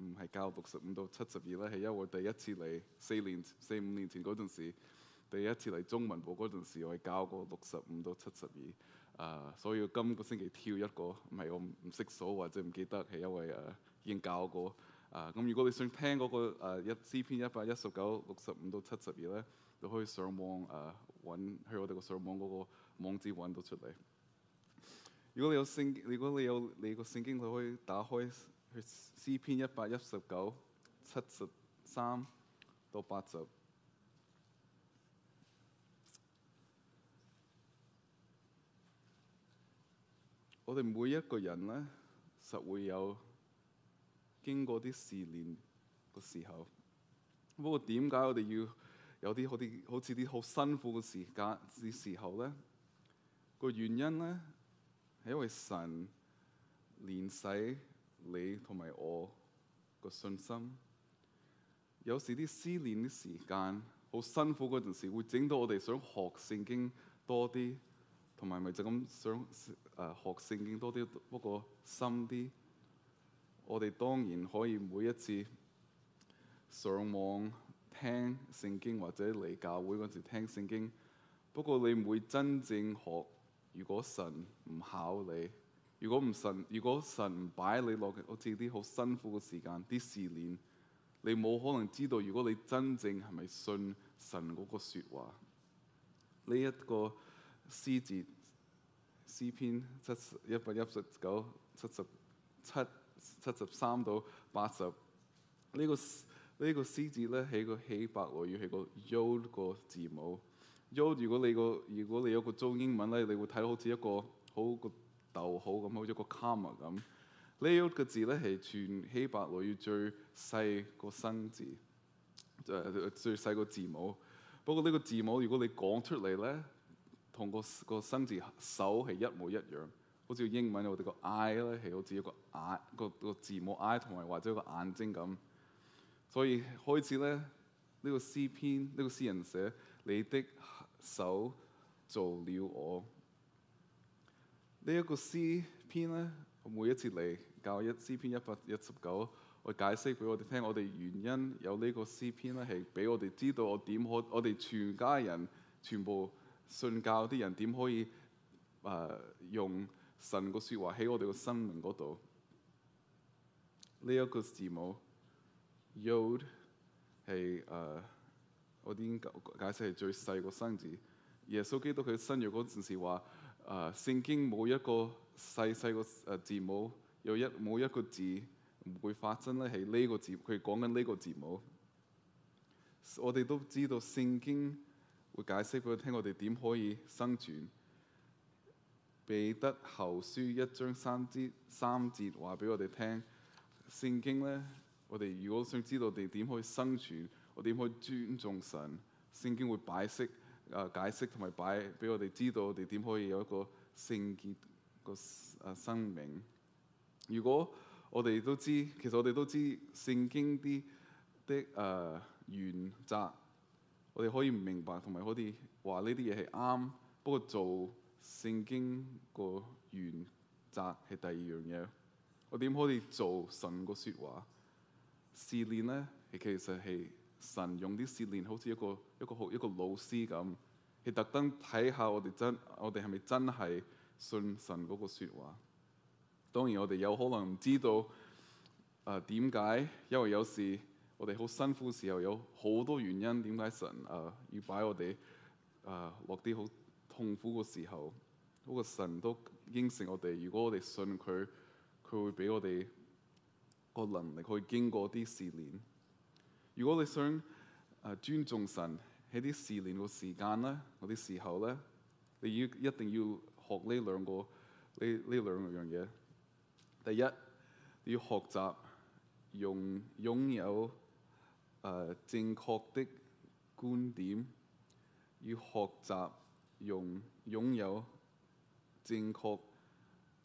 唔係教六十五到七十二咧，係因為我第一次嚟四年四五年前嗰陣時，第一次嚟中文部嗰陣時，我係教過六十五到七十二。啊，所以我今個星期跳一個，唔係我唔識數或者唔記得，係因為誒、啊、已經教過。啊，咁如果你想聽嗰、那個、啊、一詩篇一百一十九六十五到七十二咧，就可以上網誒揾喺我哋個上網嗰個網址揾到出嚟。如果你有聖如果你有你，有你有個聖經，你可以打開。去詩篇一百一十九七十三到八十，我哋每一個人咧，實會有經過啲試煉嘅時候。不過點解我哋要有啲好啲，好似啲好辛苦嘅時間啲時候咧？個原因咧，係因為神憐惜。你同埋我個信心，有時啲思念嘅時間好辛苦嗰陣時，會整到我哋想學聖經多啲，同埋咪就咁想誒、呃、學聖經多啲。不過深啲，我哋當然可以每一次上網聽聖經，或者嚟教會嗰時聽聖經。不過你唔會真正學，如果神唔考你，如果唔信，如果神擺你落去，好似啲好辛苦嘅時間，啲試煉，你冇可能知道，如果你真正係咪信神嗰個說話，呢、這、一個詩節，詩篇七一百一十九七十 9, 七十七,七十三到八十，這個這個、字呢個呢個詩節咧喺個希伯來語係個 Yod 個字母，Yod 如果你個如果你有，果你有個中英文咧，你會睇到好似一個好個。逗號咁，好似個 comma 咁。呢一個、這個、字咧係全希伯來最細個生字，誒、呃、最細個字母。不過呢個字母如果你講出嚟咧，同個個生字手係一模一樣。好似英文我哋個 I 咧，係好似一,、啊、一個眼個個字母 I 同埋或者個眼睛咁。所以開始咧，呢、這個詩篇呢、這個詩人寫你的手造了我。呢一個詩篇咧，每一次嚟教一詩篇一百一十九，我解釋俾我哋聽，我哋原因有個呢個詩篇咧，係俾我哋知道我點可，我哋全家人全部信教啲人點可以誒、呃、用神個説話喺我哋個生命嗰度。呢、這、一個字母 Yod 係誒、呃、我啲解解釋係最細個生字。耶穌基督佢生肉嗰陣時話。啊！聖、uh, 經冇一個細細個啊字母，有一冇一個字唔會發生咧，係呢個字，佢講緊呢個字母。字母 So, 我哋都知道聖經會解釋俾我聽，我哋點可以生存？彼得後書一章三之三節話俾我哋聽，聖經咧，我哋如果想知道我哋點可以生存，我哋點可以尊重神，聖經會解釋。誒，解釋同埋擺俾我哋知道，我哋點可以有一個聖潔個誒生命？如果我哋都知，其實我哋都知聖經啲的誒、呃、原則，我哋可以唔明白，同埋可以話呢啲嘢係啱，不過做聖經個原則係第二樣嘢。我點可以做神個説話試練咧？其實係。神用啲試練，好似一個一個好一個老師咁，你特登睇下我哋真，我哋係咪真係信神嗰個說話？當然我哋有可能唔知道，啊點解？因為有時我哋好辛苦嘅時候，有好多原因點解神啊、呃、要擺我哋啊、呃、落啲好痛苦嘅時候？不過神都應承我哋，如果我哋信佢，佢會俾我哋個能力去經過啲試練。如果你想誒尊重神喺啲試練個時間咧，嗰啲時候咧，你要一定要學呢兩個呢呢兩個樣嘢。第一你要學習用擁有誒、呃、正確的觀點，要學習用擁有正確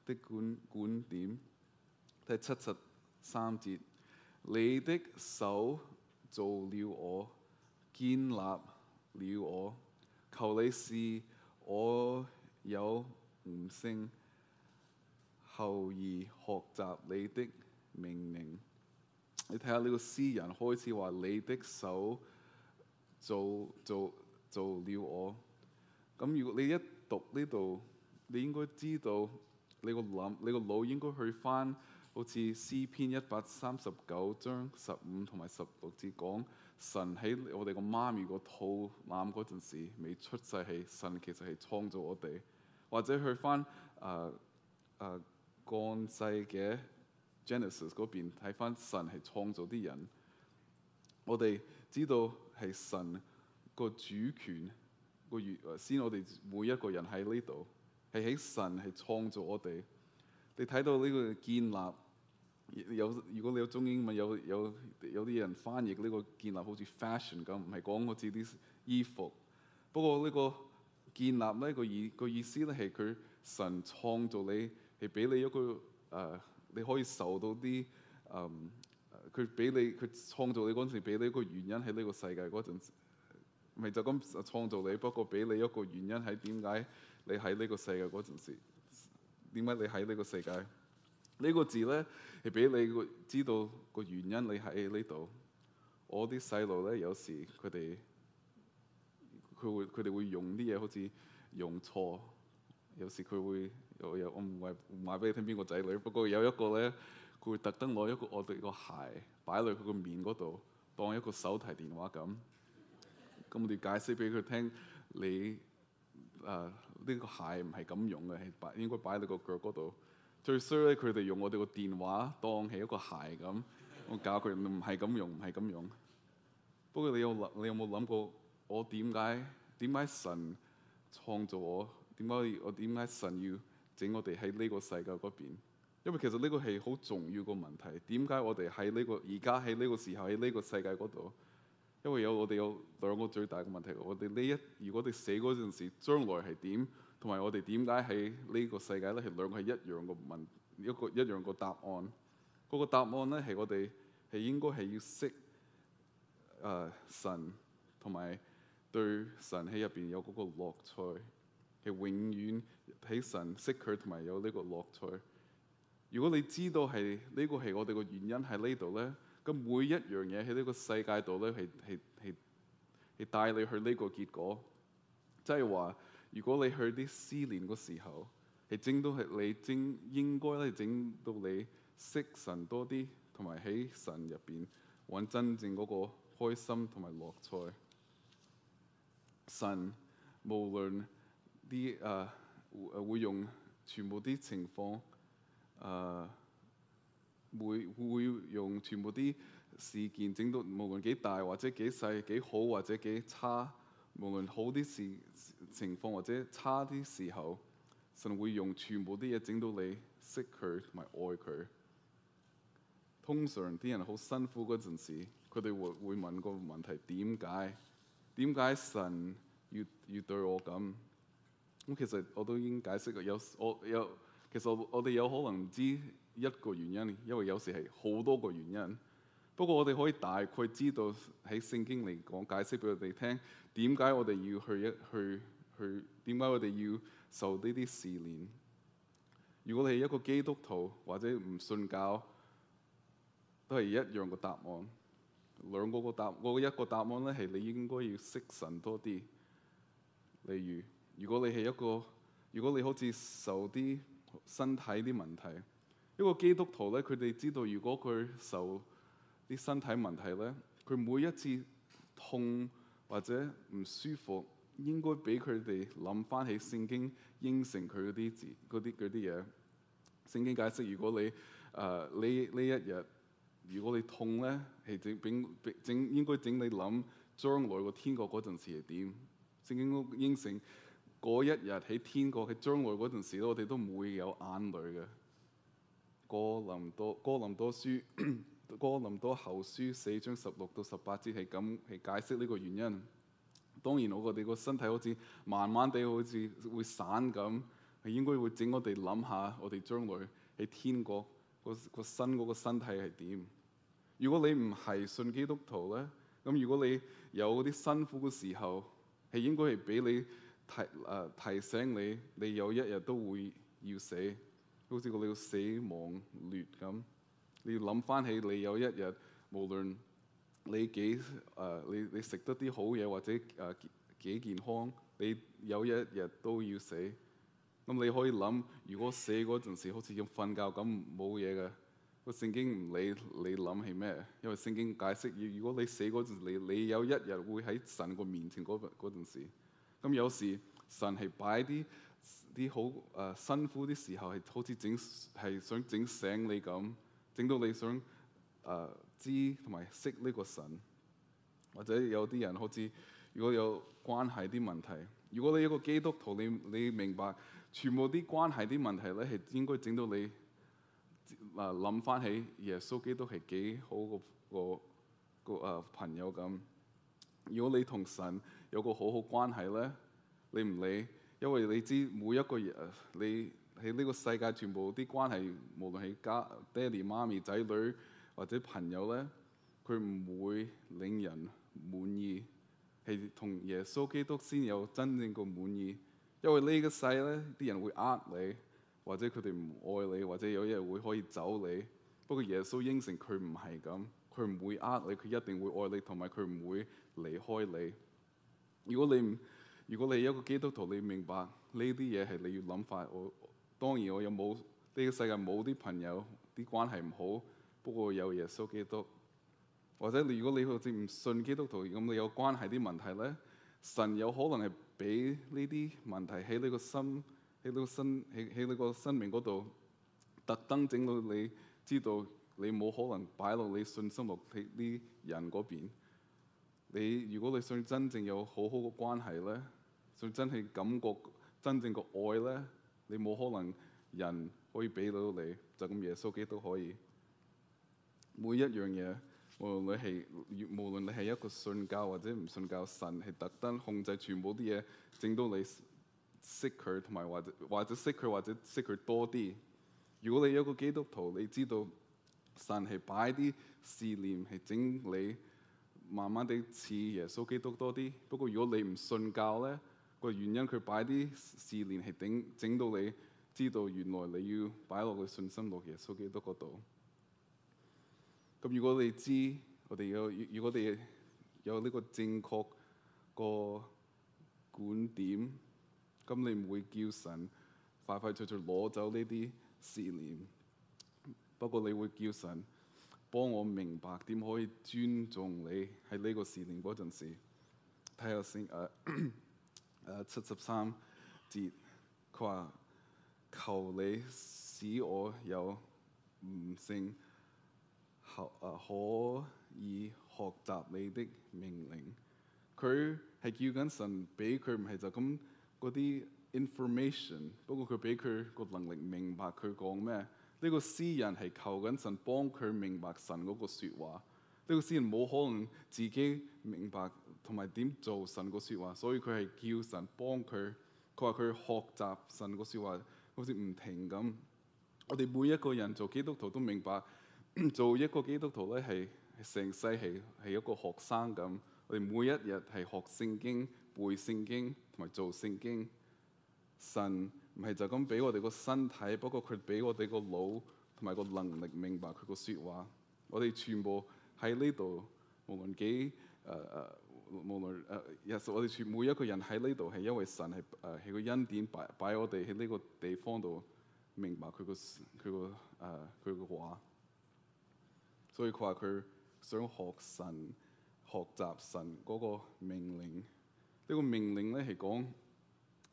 的觀觀點。第七十三節，你的手。做了我，建立了我，求你使我有悟性，後而學習你的命令。你睇下呢個詩人開始話，你的手做做做了我。咁如果你一讀呢度，你應該知道你個諗，你個腦應該去翻。好似詩篇一百三十九章十五同埋十六節講神喺我哋個媽咪個肚腩嗰陣時未出世，係神其實係創造我哋，或者去翻誒誒、呃、降世、呃、嘅 Genesis 嗰邊睇翻神係創造啲人，我哋知道係神個主權個越誒先，我哋每一個人喺呢度係喺神係創造我哋，你睇到呢個建立。有如果你有中英文有有有啲人翻譯呢、呢個建立好似 fashion 咁，唔係講好似啲衣服。不過呢個建立呢個意、個意思咧係佢神創造你係俾你一個誒、呃，你可以受到啲誒。佢、呃、俾你佢創造你嗰陣時俾你一個原因喺呢個世界嗰陣時，唔係就咁創造你，不過俾你一個原因喺點解你喺呢個世界嗰陣時，點解你喺呢個世界？呢個字咧係俾你個知道個原因，你喺呢度。我啲細路咧有時佢哋佢會佢哋會用啲嘢好似用錯，有時佢會又又我唔係唔話俾你聽邊個仔女，不過有一個咧佢會特登攞一個我哋個鞋擺落佢個面嗰度，當一個手提電話咁。咁 我哋解釋俾佢聽，你誒呢、啊呢個鞋唔係咁用嘅，係擺應該擺喺你個腳嗰度。最衰咧，佢哋用我哋個電話當起一個鞋咁，我 教佢唔係咁用，唔係咁用。不過你有諗，你有冇諗過我點解？點解神創造我？點解我點解神要整我哋喺呢個世界嗰邊？因為其實呢個係好重要嘅問題。點解我哋喺呢個而家喺呢個時候喺呢個世界嗰度？因為有我哋有兩個最大嘅問題。我哋呢一，如果我哋死嗰陣時將來係點？同埋，我哋點解喺呢個世界咧，係兩個係一樣個問，一個一樣個，個答案。嗰、那個答案咧，係我哋係應該係要識誒、呃、神，同埋對神喺入邊有嗰個樂趣，係永遠喺神識佢，同埋有呢個樂趣。如果你知道係呢個係我哋個原因喺呢度咧，咁每一樣嘢喺呢個世界度咧，係係係係帶你去呢個結果，即係話。如果你去啲試練個時候，你整到係你整應該咧，整到你識神多啲，同埋喺神入邊揾真正嗰個開心同埋樂趣。神無論啲誒誒會用全部啲情況誒、呃，會會用全部啲事件整到，無論幾大或者幾細、幾好或者幾差。無論好啲事情況或者差啲時候，神會用全部啲嘢，整到你識佢同埋愛佢。通常啲人好辛苦嗰陣時，佢哋會會問個問題：點解？點解神要要對我咁？咁其實我都已經解釋過。有我有，其實我哋有可能知一個原因，因為有時係好多個原因。不過，我哋可以大概知道喺聖經嚟講，解釋俾佢哋聽點解我哋要去一去去點解我哋要受呢啲試練。如果你係一個基督徒或者唔信教，都係一樣個答案。兩個個答，我一個答案咧係你應該要識神多啲。例如，如果你係一個，如果你好似受啲身體啲問題，一個基督徒咧，佢哋知道如果佢受。啲身體問題咧，佢每一次痛或者唔舒服，應該俾佢哋諗返起聖經應承佢嗰啲字嗰啲啲嘢。聖經解釋，如果你誒，呢呢一日如果你痛咧，係整整整應該整你諗將來個天國嗰陣時係點。聖經應承嗰一日喺天國喺將來嗰陣時咧，我哋都唔會有眼淚嘅。哥林多哥林多書。 哥林多後書四章十六到十八節，係咁係解釋呢個原因。當然我哋覺得個身體好似慢慢地好似會散咁，係應該會整我哋諗下，我哋將來喺天國個個身嗰個身體係點。如果你唔係信基督徒咧，咁如果你有啲辛苦嘅時候，係應該係俾你提誒、呃、提醒你，你有一日都會要死，好似個了死亡劣咁。你要諗翻起，你有一日，無論你幾誒、呃，你你食得啲好嘢或者誒、呃、幾健康，你有一日都要死。咁、嗯、你可以諗，如果死嗰陣時好似要瞓覺咁冇嘢嘅，個聖經唔理你諗係咩，因為聖經解釋，如如果你死嗰陣時，你你有一日會喺神個面前嗰嗰陣時，咁、嗯、有時神係擺啲啲好誒辛苦啲時候，係好似整係想整醒你咁。整到你想誒、呃、知同埋識呢個神，或者有啲人好似如果有關係啲問題，如果你一個基督徒，你你明白全部啲關係啲問題咧，係應該整到你嗱諗返起耶穌基督係幾好個個個、呃、朋友咁。如果你同神有個好好關係咧，你唔理，因為你知每一個人、呃、你。喺呢個世界，全部啲關係，無論係家爹哋媽咪、仔女或者朋友咧，佢唔會令人滿意。係同耶穌基督先有真正嘅滿意，因為呢個世咧，啲人會呃你，或者佢哋唔愛你，或者有一日會可以走你。不過耶穌應承佢唔係咁，佢唔會呃你，佢一定會愛你，同埋佢唔會離開你。如果你唔，如果你係一個基督徒，你明白呢啲嘢係你要諗法。我當然我有冇呢個世界冇啲朋友，啲關係唔好，不過有耶穌基督。或者你如果你好似唔信基督徒，咁你有關係啲問題咧，神有可能係俾呢啲問題喺你個心，喺你個身，喺喺你個生命嗰度，特登整到你知道你冇可能擺落你信心度啲人嗰邊。你如果你想真正有好好個關係咧，想真係感覺真正個愛咧。你冇可能人可以俾到你，就咁耶穌基督都可以。每一樣嘢，無論你係無論你係一個信教或者唔信教，神係特登控制全部啲嘢，整到你識佢，同埋或者或者識佢，或者，或者識佢多啲。如果你有個基督徒，你知道神係擺啲試煉係整你慢慢地似耶穌基督多啲。不過如果你唔信教咧，個原因，佢擺啲試煉，係整整到你知道，原來你要擺落去信心度嘅，數幾多個度？咁如果你知，我哋有，如果你有呢個正確個觀點，咁你唔會叫神快快脆脆攞走呢啲試煉。不過你會叫神幫我明白點可以尊重你喺呢個試煉嗰陣時。睇下先，誒、啊。誒，七十三節，佢話、uh, 求你使我有悟性，可誒、uh, 可以學習你的命令。佢係叫緊神俾佢，唔係就咁嗰啲 information。不，information, 不過佢俾佢個能力明白佢講咩。呢、這個詩人係求緊神幫佢明白神嗰個説話。呢個詩人冇可能自己明白同埋點做神個說話，所以佢係叫神幫佢。佢話佢學習神個說話好似唔停咁。我哋每一個人做基督徒都明白，做一個基督徒咧係成世係係一個學生咁。我哋每一日係學聖經、背聖經同埋做聖經，神唔係就咁俾我哋個身體，不過佢俾我哋個腦同埋個能力明白佢個說話，我哋全部。喺呢度，無論幾誒誒、呃，無論誒，其、呃、實、yes，我哋全每一個人喺呢度係因為神係誒係個恩典擺，擺擺我哋喺呢個地方度，明白佢個佢個誒佢個話。所以佢話佢想學神，學習神嗰個命令。呢、這個命令咧係講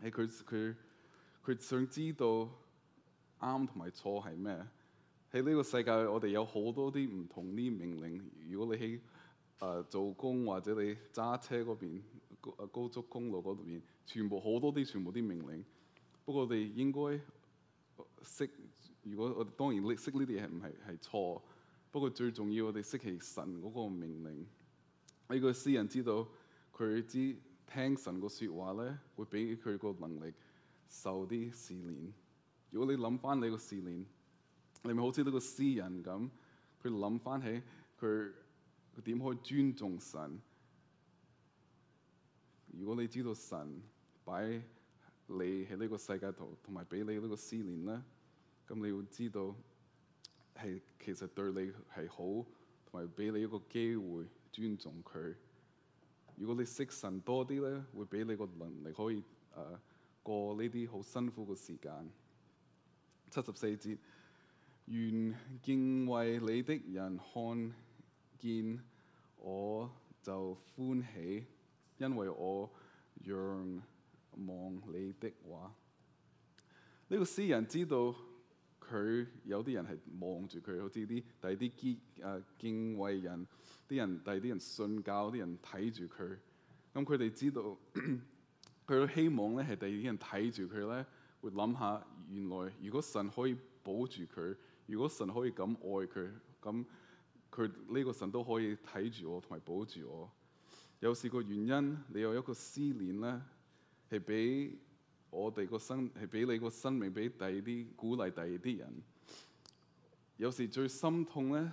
係佢佢佢想知道啱同埋錯係咩？喺呢個世界，我哋有好多啲唔同啲命令。如果你喺誒做工或者你揸車嗰邊，高速公路嗰度，全部好多啲，全部啲命令。不過我哋應該識，如果我當然識呢啲嘢唔係係錯。不過最重要，我哋識其神嗰個命令。呢個詩人知道佢知道聽神個説話咧，會俾佢個能力受啲試練。如果你諗翻你個試練。你咪好似呢個詩人咁，佢諗翻起佢佢點可以尊重神？如果你知道神擺你喺呢個世界度，同埋俾你呢個試練咧，咁你會知道係其實對你係好，同埋俾你一個機會尊重佢。如果你識神多啲咧，會俾你個能力可以誒、呃、過呢啲好辛苦嘅時間。七十四節。願敬畏你的人看見我就歡喜，因為我仰望你的話。呢個詩人知道佢有啲人係望住佢，好似啲第二啲見啊，敬畏人啲人，第二啲人信教啲人睇住佢。咁佢哋知道佢嘅 希望咧，係第二啲人睇住佢咧，會諗下原來如果神可以保住佢。如果神可以咁愛佢，咁佢呢個神都可以睇住我同埋保住我。有時個原因，你有一個思念咧，係俾我哋個生，係俾你個生命俾第二啲鼓勵第二啲人。有時最心痛咧，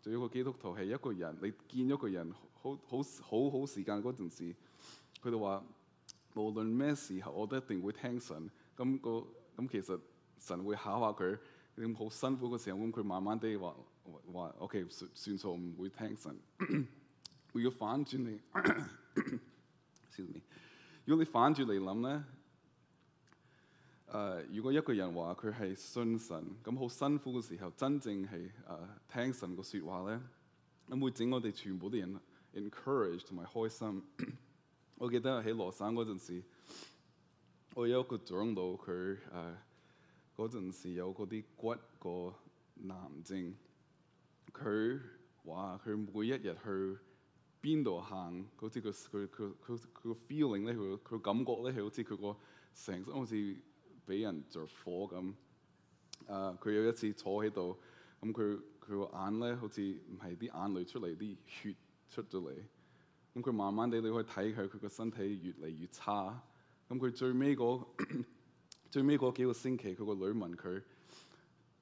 做一個基督徒係一個人，你見咗個人好好好好，好時間嗰陣時，佢就話無論咩時候，時候我都一定會聽神。咁、那個咁其實神會考下佢。咁好辛苦嘅時候，咁佢慢慢哋話話：OK，算算數，唔會聽神。如果反轉你，excuse me，如果你反轉嚟諗咧，誒，如果一個人話佢係信神，咁好辛苦嘅時候，真正係誒聽神嘅説話咧，咁會整我哋全部啲人 encourage 同埋開心。我記得喺羅生嗰陣時，我有個長老佢誒。嗰陣時有嗰啲骨個癌症，佢話佢每一日去邊度行，好似佢佢佢佢佢個 feeling 咧，佢佢感覺咧，係好似佢個成身好似俾人着火咁。誒，佢有一次坐喺度，咁佢佢個眼咧好似唔係啲眼淚出嚟，啲血出咗嚟。咁佢慢慢地你可以睇佢，佢個身體越嚟越差。咁佢最尾嗰最尾嗰幾個星期，佢個女問佢：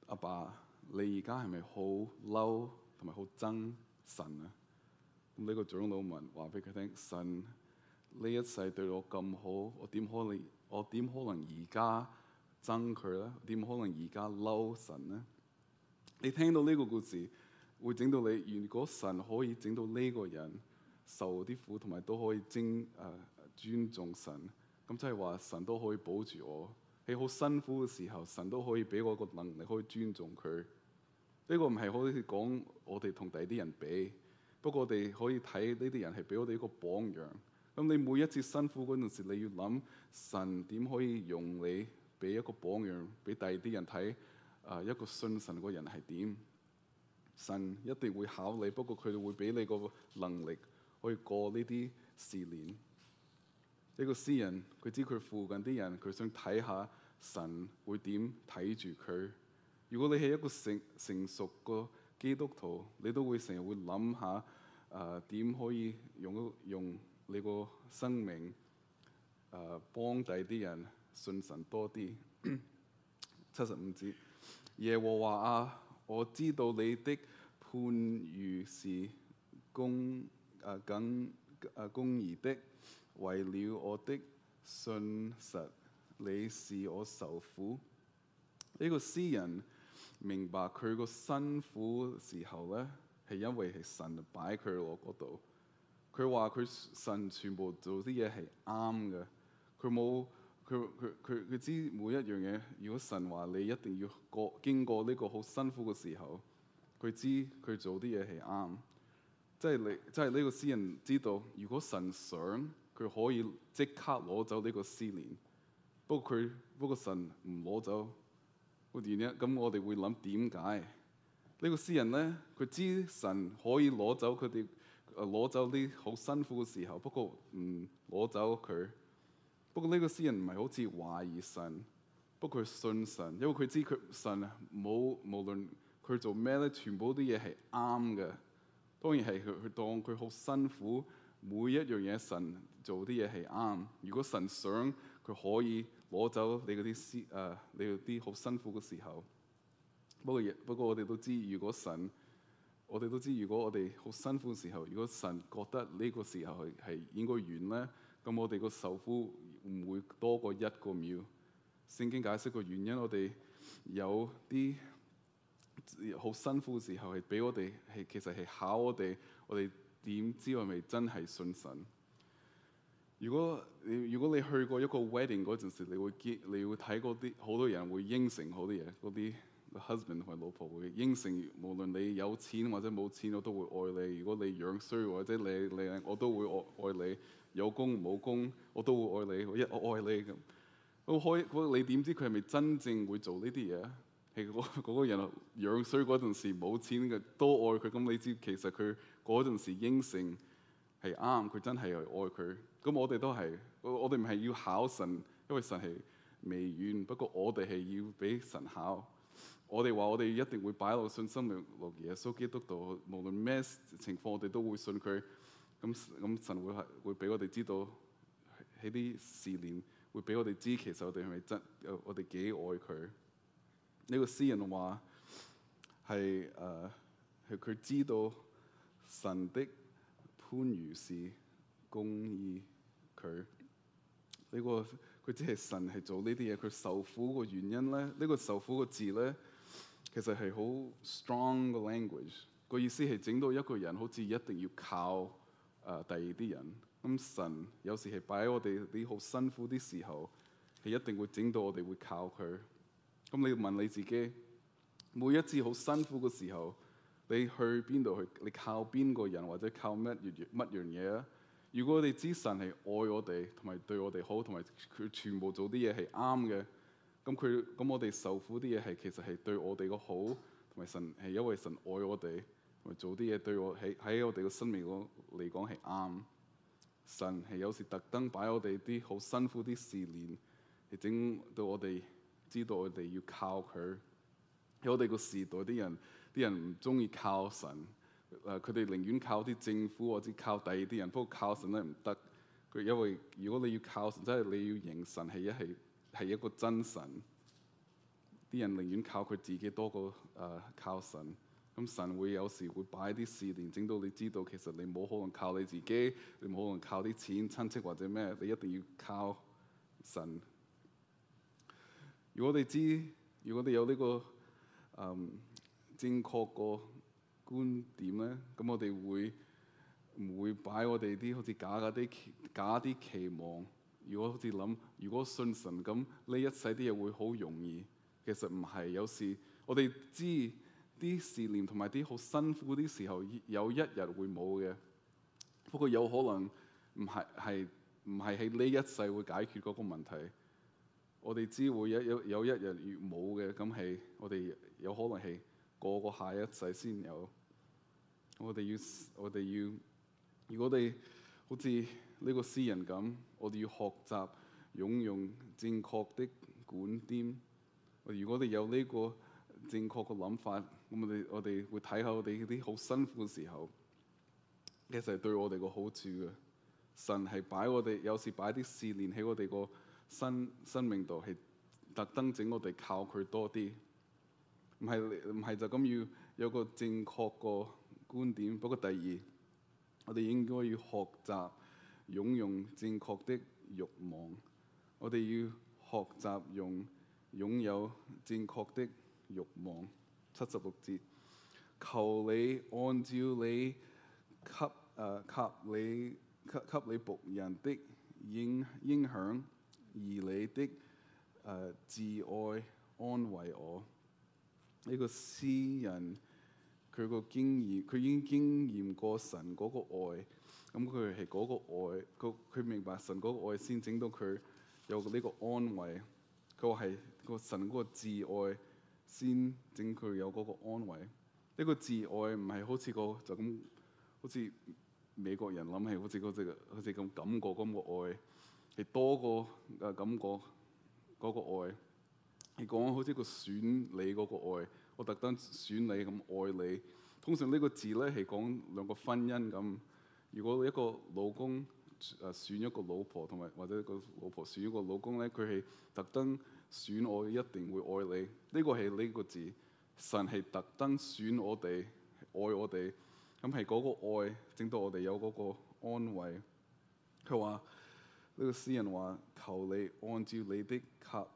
阿爸，爸，你而家係咪好嬲同埋好憎神啊？呢個長老問話俾佢聽：神呢一世對我咁好，我點可能我點可能而家憎佢咧？我點可能而家嬲神咧？你聽到呢個故事，會整到你，如果神可以整到呢個人受啲苦，同埋都可以尊啊尊重神，咁即係話神都可以保住我，你好辛苦嘅時候，神都可以俾我一個能力可以尊重佢。呢個唔係好似講我哋同第二啲人比，不過我哋可以睇呢啲人係俾我哋一個榜樣。咁你每一次辛苦嗰陣時，你要諗神點可以用你俾一個榜樣俾第二啲人睇，啊、呃、一個信神個人係點？神一定會考你，不過佢會俾你個能力可以過呢啲試練。一個詩人，佢知佢附近啲人，佢想睇下。神會點睇住佢？如果你係一個成成熟個基督徒，你都會成日會諗下，誒、呃、點可以用用你個生命誒幫第啲人信神多啲。 七十五節， 耶和華啊，我知道你的判語是公誒緊誒公義的，為了我的信實。你是我受苦呢，呢個詩人明白佢個辛苦時候咧，係因為係神擺佢喺我嗰度。佢話佢神全部做啲嘢係啱嘅，佢冇佢佢佢佢知每一樣嘢。如果神話你一定要過經過呢個好辛苦嘅時候，佢知佢做啲嘢係啱，即係你即係呢個詩人知道，如果神想佢可以即刻攞走呢個試練。不過佢不過神唔攞走原、這個原因，咁我哋會諗點解呢個詩人咧，佢知神可以攞走佢哋，誒攞走啲好辛苦嘅時候，不過唔攞走佢。不過呢個詩人唔係好似懷疑神，不過佢信神，因為佢知佢神冇無論佢做咩咧，全部啲嘢係啱嘅。當然係佢佢當佢好辛苦，每一樣嘢神做啲嘢係啱。如果神想佢可以。攞走你嗰啲思，誒、啊，你啲好辛苦嘅時候。不過，亦不過我哋都知，如果神，我哋都知，如果我哋好辛苦嘅時候，如果神覺得呢個時候係係應該完咧，咁我哋個受苦唔會多過一個秒。聖經解釋個原因，我哋有啲好辛苦嘅時候係俾我哋係其實係考我哋，我哋點知我哋真係信神？如果你如果你去過一個 wedding 嗰陣時，你會見，你會睇嗰啲好多人會應承好多嘢，嗰啲 husband 同埋老婆會應承，無論你有錢或者冇錢，我都會愛你；如果你樣衰或者你你我都會愛愛你，有工冇工我都會愛你，我一我愛你咁。咁開，你點知佢係咪真正會做呢啲嘢？係嗰嗰個人樣衰嗰陣時冇錢嘅都愛佢，咁你知其實佢嗰陣時應承。係啱，佢真係愛佢。咁我哋都係，我哋唔係要考神，因為神係微遠。不過我哋係要俾神考。我哋話我哋一定會擺落信心落耶穌基督度，無論咩情況，我哋都會信佢。咁咁神會係會俾我哋知道喺啲試練會俾我哋知，其實我哋係咪真？我哋幾愛佢？呢個詩人話係誒係佢知道神的。判語是公義，佢、這、呢個佢即係神係做呢啲嘢，佢受苦個原因咧，呢、這個受苦個字咧，其實係好 strong 嘅 language，個意思係整到一個人好似一定要靠誒第二啲人。咁、嗯、神有時係擺喺我哋啲好辛苦啲時候，係一定會整到我哋會靠佢。咁、嗯、你問你自己，每一次好辛苦嘅時候，你去邊度去？你靠邊個人或者靠乜樣乜樣嘢啊？如果我哋知神係愛我哋，同埋對我哋好，同埋佢全部做啲嘢係啱嘅，咁佢咁我哋受苦啲嘢係其實係對我哋個好，同埋神係因為神愛我哋，同埋做啲嘢對我喺喺我哋個生命嚟講係啱。神係有時特登擺我哋啲好辛苦啲試練，嚟整到我哋知道我哋要靠佢。喺我哋個時代啲人。啲人唔中意靠神，誒佢哋寧願靠啲政府或者靠第二啲人，不過靠神咧唔得。佢因為如果你要靠神，即係你要認神係一係係一個真神。啲人寧願靠佢自己多過誒、呃、靠神。咁、嗯、神會有時會擺啲試練，整到你知道其實你冇可能靠你自己，你冇可能靠啲錢、親戚或者咩，你一定要靠神。如果你知，如果你有呢、這個誒。嗯正確個觀點咧，咁我哋會唔會擺我哋啲好似假啲假啲期望？如果好似諗，如果信神咁，呢一世啲嘢會好容易，其實唔係。有時我哋知啲試煉同埋啲好辛苦啲時候，有一日會冇嘅。不過有可能唔係係唔係喺呢一世會解決嗰個問題。我哋知會有有有一日冇嘅，咁係我哋有可能係。過個下一世先有。我哋要我哋要，如果我哋好似呢個詩人咁，我哋要學習運用正確的觀點。如果我哋有呢個正確嘅諗法，咁我哋我哋會睇下我哋啲好辛苦嘅時候，其實係對我哋個好處嘅。神係擺我哋有時擺啲試練喺我哋個新生命度，係特登整我哋靠佢多啲。唔係唔係，就咁要有個正確個觀點。不過第二，我哋應該要學習擁用正確的慾望。我哋要學習用擁有正確的慾望。七十六節，求你按照你給誒、呃、給你給給你僕人的影影響，而你的誒、呃、自愛安慰我。呢個詩人，佢個經驗，佢已經經驗過神嗰個愛，咁佢係嗰個愛，佢佢明白神嗰個愛先整到佢有呢個安慰。佢話係個神嗰個慈愛先整佢有嗰個安慰。呢、這個慈愛唔係好似、那個就咁，好似美國人諗起，好似嗰隻，好似咁感覺嗰個愛係多過嘅感覺嗰個愛。你講好似個選你嗰個愛，我特登選你咁愛你。通常呢個字咧係講兩個婚姻咁。如果一個老公誒選一個老婆，同埋或者個老婆選一個老公咧，佢係特登選我，一定會愛你。呢個係呢個字。神係特登選我哋愛我哋，咁係嗰個愛，整到我哋有嗰個安慰。佢話呢個詩人話：求你按照你的腳。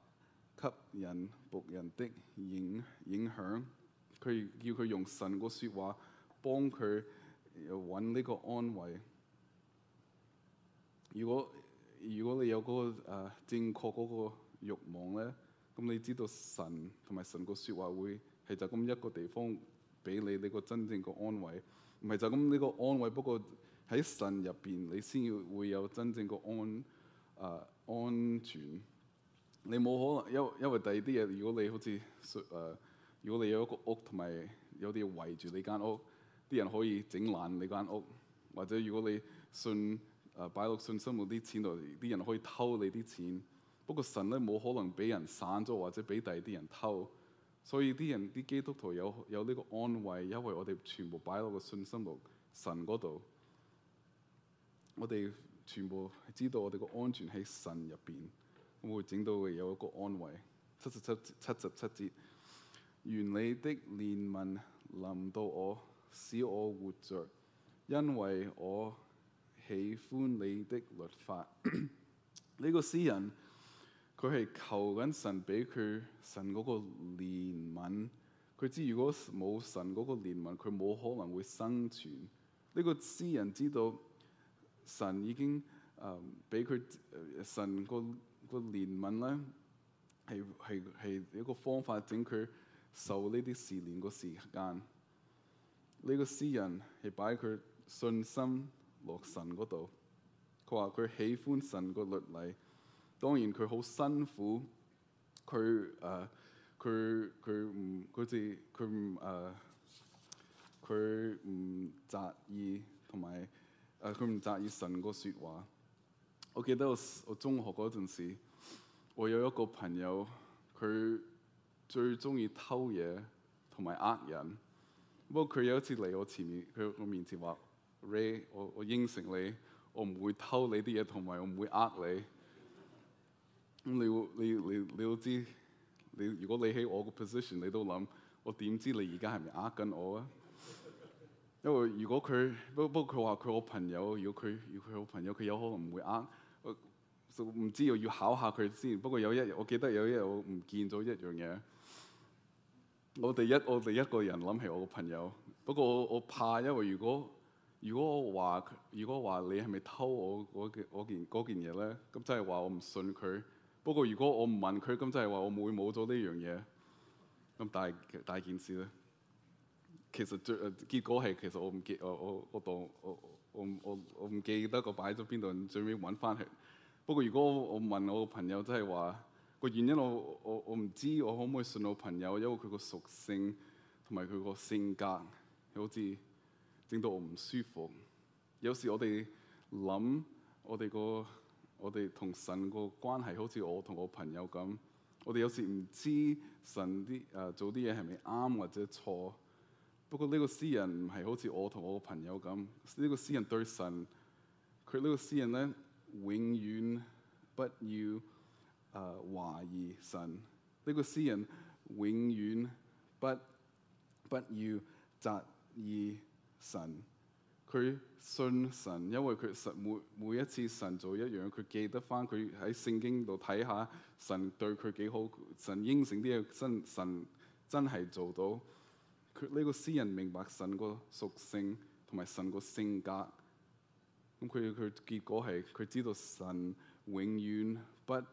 吸引僕人的影影響，佢叫佢用神個說話幫佢又揾呢個安慰。如果如果你有嗰、那個誒、呃、正確嗰個慾望咧，咁你知道神同埋神個說話會係就咁一個地方俾你呢、這個真正安、這個安慰，唔係就咁呢個安慰。不過喺神入邊，你先要會有真正個安誒、呃、安全。你冇可能，因因為第二啲嘢，如果你好似誒、呃，如果你有一個屋，同埋有啲嘢圍住你間屋，啲人可以整爛你間屋，或者如果你信誒、呃、擺落信心度啲錢度，啲人可以偷你啲錢。不過神咧冇可能俾人散咗，或者俾第二啲人偷。所以啲人啲基督徒有有呢個安慰，因為我哋全部擺落個信心度神嗰度，我哋全部知道我哋個安全喺神入邊。我會整到佢有一個安慰。七十七七十七節，願你的憐憫臨到我，使我活着，因為我喜歡你的律法。呢、 呢個詩人佢係求緊神俾佢神嗰個憐憫。佢知如果冇神嗰個憐憫，佢冇可能會生存。呢、呢個詩人知道神已經誒俾佢神、嗰個。個憐憫咧係係係一個方法，整佢受呢啲試煉個時間。呢個詩人係擺佢信心落神嗰度，佢話佢喜歡神個律例。當然佢好辛苦，佢誒佢佢唔佢哋佢唔誒佢唔擲意同埋誒佢唔擲意神個説話。我記得我我中學嗰陣時，我有一個朋友，佢最中意偷嘢同埋呃人。不過佢有一次嚟我前面，佢我面前話 Ray，我我應承你，我唔會偷你啲嘢，同埋我唔會呃你。咁你會你你你，你都知，你如果你喺我個 position，你都諗我點知你而家係咪呃緊我啊？ 因為如果佢不不佢話佢我朋友，如果佢如佢我朋友，佢有可能唔會呃。就唔知又要考下佢先。不過有一日，我記得有一日，我唔見咗一樣嘢。我第一，我第一個人諗起我個朋友。不過我我怕，因為如果如果我話，如果話你係咪偷我我件我件嗰件嘢咧，咁即係話我唔信佢。不過如果我唔問佢，咁即係話我會冇咗呢樣嘢。咁大大件事咧，其實最結果係其實我唔記我我度，我我我我唔記得個擺咗邊度，最尾搵返佢。不過，如果我問我個朋友，即係話個原因我，我我我唔知我，知我可唔可以信我朋友？因為佢個屬性同埋佢個性格，好似整到我唔舒服。有時我哋諗我哋個我哋同神個關係，好似我同我朋友咁。我哋有時唔知神啲誒做啲嘢係咪啱或者錯。不過呢個詩人唔係好似我同我個朋友咁，呢、這個詩人對神，佢呢個詩人咧，永遠不要誒懷疑神。呢、這個詩人永遠不不要質疑神。佢信神，因為佢神每每一次神做一樣，佢記得翻。佢喺聖經度睇下神對佢幾好，神應承啲嘢，真神真係做到。佢呢、這個詩人明白神個屬性同埋神個性格。佢佢結果係佢知道神永遠不誒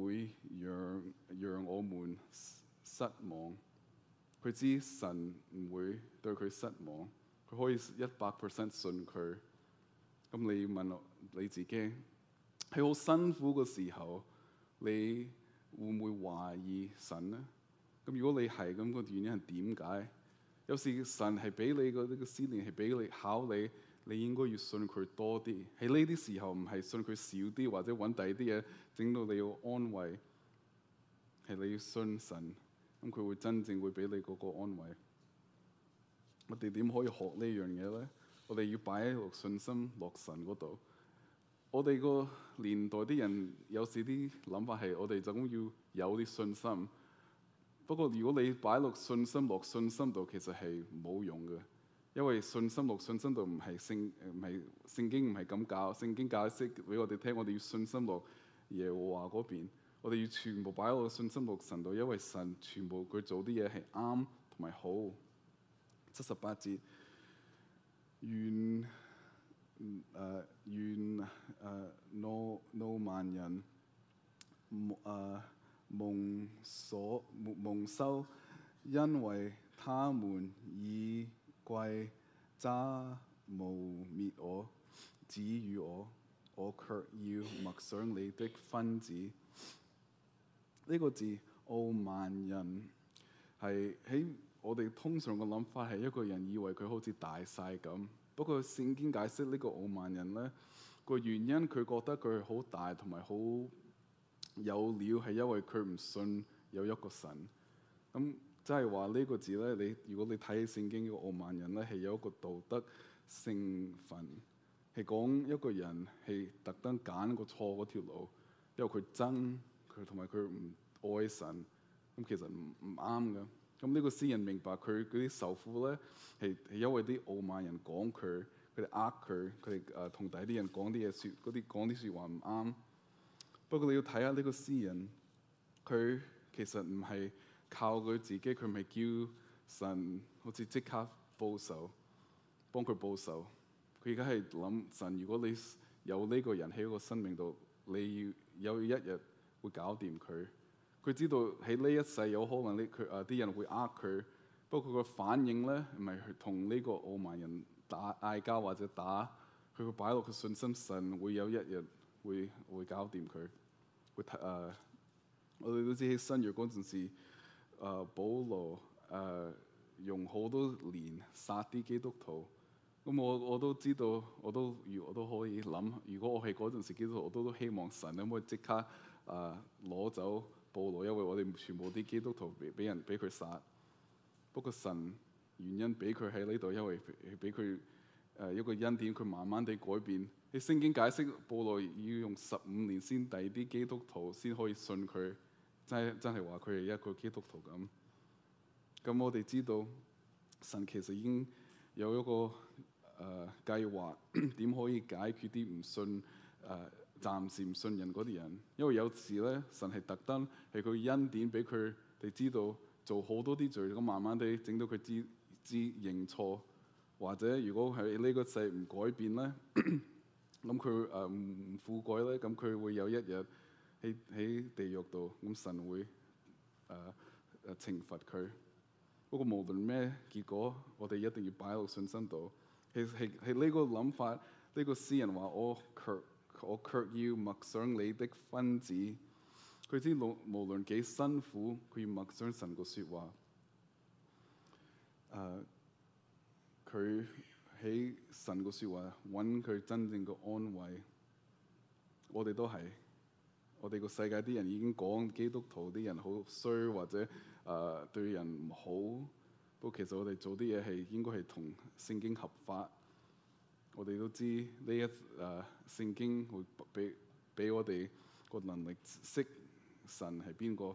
會讓讓我們失望，佢知神唔會對佢失望，佢可以一百 percent 信佢。咁你問你自己，喺好辛苦嘅時候，你會唔會懷疑神呢？咁如果你係咁嗰個原因係點解？有時神係俾你個呢個思念係俾你考你。你應該要信佢多啲，喺呢啲時候唔係信佢少啲，或者揾第啲嘢整到你要安慰，係你要信神，咁佢會真正會俾你嗰個安慰。我哋點可以學呢樣嘢咧？我哋要擺喺信心落神嗰度。我哋個年代啲人有時啲諗法係我哋就咁要有啲信心，不過如果你擺落信心落信心度，其實係冇用嘅。因為信心度，信心度唔係聖，唔係聖經唔係咁教，聖經解釋俾我哋聽，我哋要信心度耶和華嗰邊，我哋要全部擺喺個信心度神度，因為神全部佢做啲嘢係啱同埋好。七十八節，願誒願誒，諾、uh, 諾、uh, no, no, no, 萬人夢誒、uh, 所夢夢收，因為他們以詭詐誣衊我，指與我，我卻要默想你的訓詞。呢、這個字傲慢人係喺我哋通常嘅諗法係一個人以為佢好似大晒咁。不過聖經解釋呢個傲慢人呢個原因佢覺得佢好大同埋好有料，係因為佢唔信有一個神咁。即係話呢個字咧，你如果你睇聖經嘅、呢個、傲慢人咧，係有一個道德性份，係講一個人係特登揀個錯嗰條路，因為佢憎佢同埋佢唔愛神，咁其實唔唔啱嘅。咁呢個詩人明白佢嗰啲仇富咧，係係因為啲傲慢人講佢，佢哋呃佢，佢哋誒同第啲人講啲嘢説啲講啲説話唔啱。不過你要睇下呢個詩人，佢其實唔係。靠佢自己，佢咪叫神，好似即刻報仇，幫佢報仇。佢而家係諗神，如果你有呢個人喺個生命度，你要有一日會搞掂佢。佢知道喺呢一世有可能呢，佢啊啲人會呃佢，不過佢個反應咧唔係同呢個傲慢人打嗌交或者打，佢會擺落佢信心，神會有一日會會搞掂佢。會睇誒，我哋都知喺新約嗰陣時。誒、呃、保羅誒、呃、用好多年殺啲基督徒，咁、嗯、我我都知道，我都我都可以諗，如果我係嗰陣時基督徒，我都，我都希望神可唔可以即刻誒攞、呃、走保羅，因為我哋全部啲基督徒俾俾人俾佢殺。不過神原因俾佢喺呢度，因為俾佢誒一個恩典，佢慢慢地改變。喺聖經解釋，保羅要用十五年先啲基督徒先可以信佢，真真係話佢係一個基督徒咁，咁我哋知道神其實已經有一個誒、呃、計劃，點 可以解決啲唔信誒、呃、暫時唔信任嗰啲人？因為有時咧，神係特登係佢恩典俾佢哋知道做好多啲罪，咁慢慢地整到佢知知認錯，或者如果喺呢個世唔改變咧，咁佢誒唔悔改咧，咁佢會有一日，喺地獄度，咁神會誒誒、呃呃、懲罰佢。不過無論咩結果，我哋一定要擺喺個信心度。係係係呢個諗法，呢個詩人話：oh, Kirk, 我卻我卻要默想你的訓詞。佢知無無論幾辛苦，佢要默想神個説話。誒、呃，佢喺神個説話揾佢真正個安慰。我哋都係。我哋個世界啲人已經講基督徒啲人好衰，或者誒、呃、對人唔好。不過其實我哋做啲嘢係應該係同聖經合法。我哋都知呢一誒聖、呃、經會俾俾我哋個能力識，識神係邊個。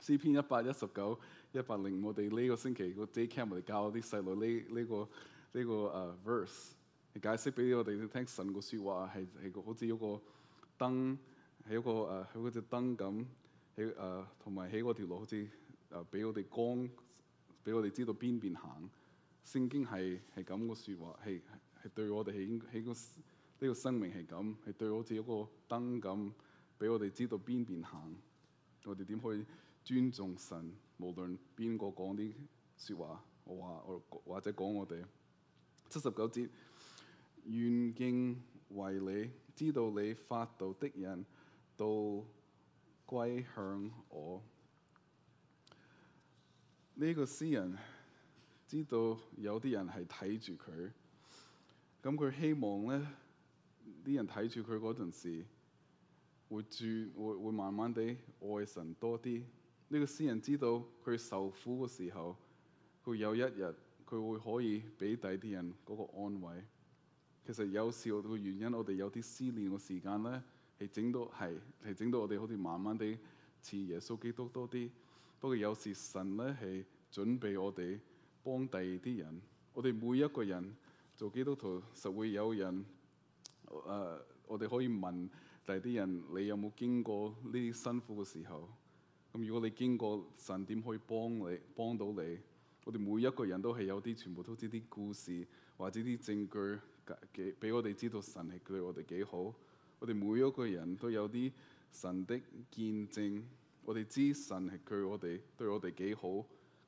詩篇一百一十九一百零五，我哋呢個星期、這個 day camp 我哋教啲細路呢呢個呢、這個誒、呃、verse，解釋俾我哋聽神說個説話係係個好似有個燈。喺一個誒，喺嗰隻燈咁，喺誒同埋喺嗰條路好，好似誒俾我哋光，俾我哋知道邊邊行。聖經係係咁個説話，係係對我哋起應喺個呢個生命係咁，係對好似一個燈咁，俾我哋知道邊邊行。我哋點可以尊重神？無論邊個講啲説話，我話我或者講我哋七十九節，願敬畏你知道你法度的人都歸向我呢個詩人知道有啲人係睇住佢，咁佢希望咧啲人睇住佢嗰陣時，會住會會慢慢地愛神多啲。呢個詩人知道佢受苦嘅時候，佢有一日佢會可以俾第啲人嗰個安慰。其實有時嘅原因，我哋有啲思念嘅時間咧。係整到係係整到我哋好似慢慢哋似耶穌基督多啲。不過有時神咧係準備我哋幫第二啲人。我哋每一個人做基督徒實會有人誒、呃，我哋可以問第啲人：你有冇經過呢啲辛苦嘅時候？咁如果你經過，神點可以幫你幫到你？我哋每一個人都係有啲，全部都知啲故事或者啲證據，俾我哋知道神係對我哋幾好。我哋每一個人都有啲神的見證，我哋知神係對我哋對我哋幾好。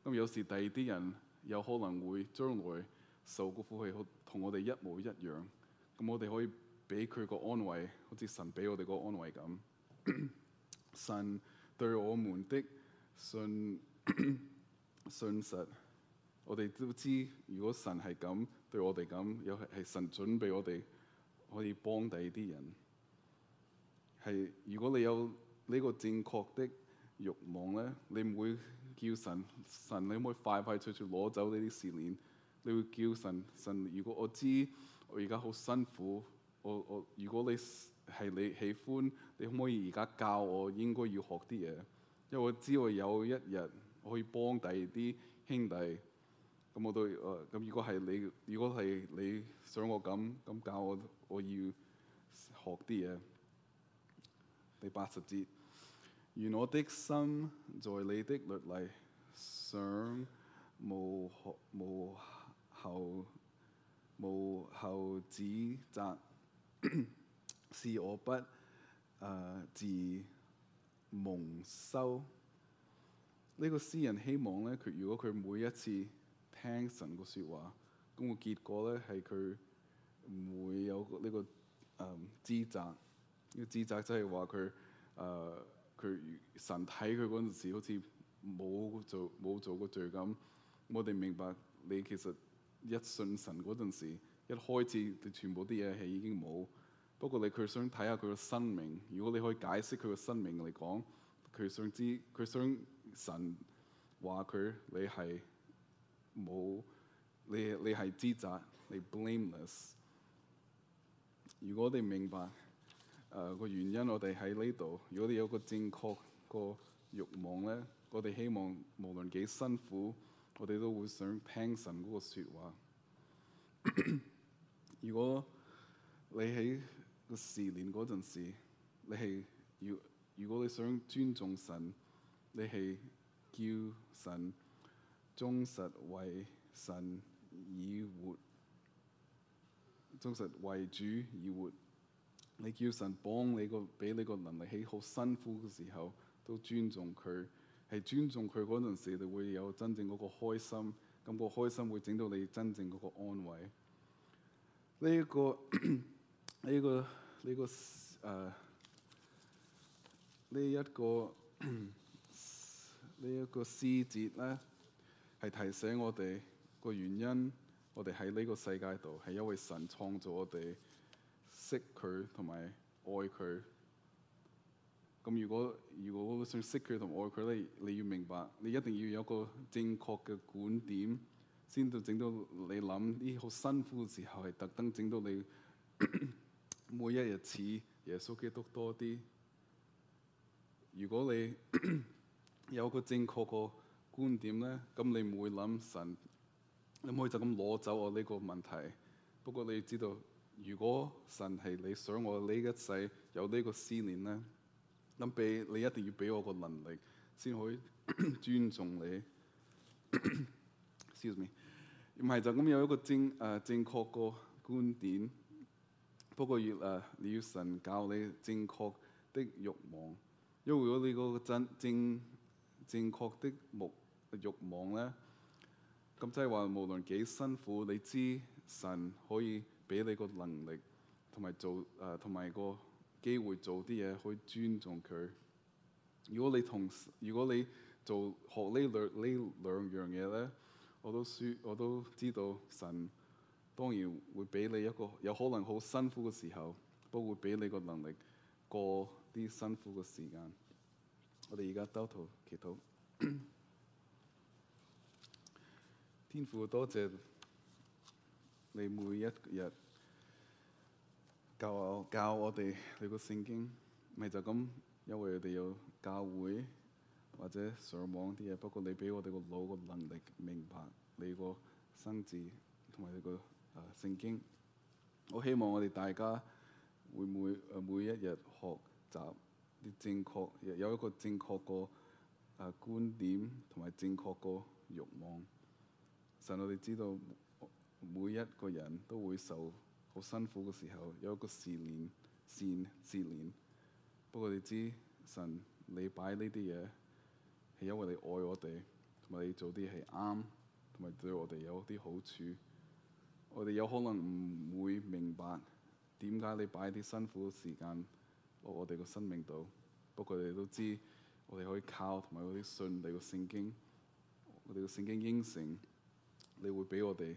咁有時第二啲人有可能會將來受個苦氣，好同我哋一模一樣。咁我哋可以俾佢個安慰，好似神俾我哋個安慰咁。 神對我們的信 信實，我哋都知。如果神係咁對我哋咁，又係神準備我哋可以幫第二啲人。係，如果你有呢個正確的慾望咧，你唔會叫神神，你可唔可以快快脆脆攞走呢啲試練？你會叫神神。如果我知我而家好辛苦，我我如果你係你喜歡，你可唔可以而家教我應該要學啲嘢？因為我知我有一日可以幫第二啲兄弟，咁我都誒。咁、呃、如果係你，如果係你想我咁咁教我，我要學啲嘢。第八十節，願我的心在你的律例上，無後無後無後指責，是我不、呃、自蒙羞。呢、這個詩人希望咧，佢如果佢每一次聽神個說話，咁、那個結果咧係佢唔會有呢、這個誒指責。呃要指責，即係話佢誒佢神睇佢嗰陣時好，好似冇做冇做過罪咁。我哋明白你其實一信神嗰陣時，一開始就全部啲嘢係已經冇。不過你佢想睇下佢個生命，如果你可以解釋佢個生命嚟講，佢想知佢想神話佢你係冇你你係指責，你，你，你 blameless。如果你明白。誒個、呃、原因，我哋喺呢度。如果你有個正確個欲望咧，我哋希望無論幾辛苦，我哋都會想聽神嗰個説話。 如果你喺個試練嗰陣時，你係要，如果你想尊重神，你係叫神忠實為神而活，忠實為主而活。你叫神幫你個，俾你個能力起，起好辛苦嘅時候都尊重佢，係尊重佢嗰陣時，你會有真正嗰個開心，噉個開心會整到你真正嗰個安慰。呢、這、一個，呢、 這個，呢、這個，誒、啊，呢、這、一個， 這個、節呢一個詩節咧，係提醒我哋個原因，我哋喺呢個世界度係因為神創造我哋。識佢同埋愛佢，咁如果如果想識佢同愛佢咧，你要明白，你一定要有個正確嘅觀點，先到整到你諗啲好辛苦嘅時候，係特登整到你 每一日似耶穌基督多啲。如果你 有個正確個觀點咧，咁你唔會諗神，你唔可以就咁攞走我呢個問題。不過你知道。如果神係你想我呢一世有呢個思念咧，咁俾你一定要俾我個能力先可以 尊重你。 excuse me，唔係就咁有一個正誒、呃、正確個觀點，不過月誒，你、呃、要神教你正確的欲望。因為如果你個真正正確的目欲望咧，咁即係話無論幾辛苦，你知神可以。俾你個能力同埋做誒，同埋個機會做啲嘢，可以尊重佢。如果你同如果你做學呢兩呢兩樣嘢咧，我都輸，我都知道神當然會俾你一個有可能好辛苦嘅時候，都會俾你個能力過啲辛苦嘅時間。我哋而家兜頭祈禱， 天父多謝。你每一日教我，教我哋你個聖經，咪就咁？因為我哋有教會或者上網啲嘢，不過你俾我哋個腦個能力明白你個生字同埋你個啊、呃、聖經。我希望我哋大家會每、呃、每一日學習啲正確，有一個正確個啊、呃、觀點同埋正確個慾望。使我哋知道。每一個人都會受好辛苦嘅時候，有一個試練、善、試練。不過你知神，你擺呢啲嘢係因為你愛我哋，同埋你做啲係啱，同埋對我哋有啲好處。我哋有可能唔會明白點解你擺啲辛苦嘅時間落我哋個生命度。不過你都知我哋可以靠，同埋可以信你個聖經。我哋個聖經應承你會俾我哋。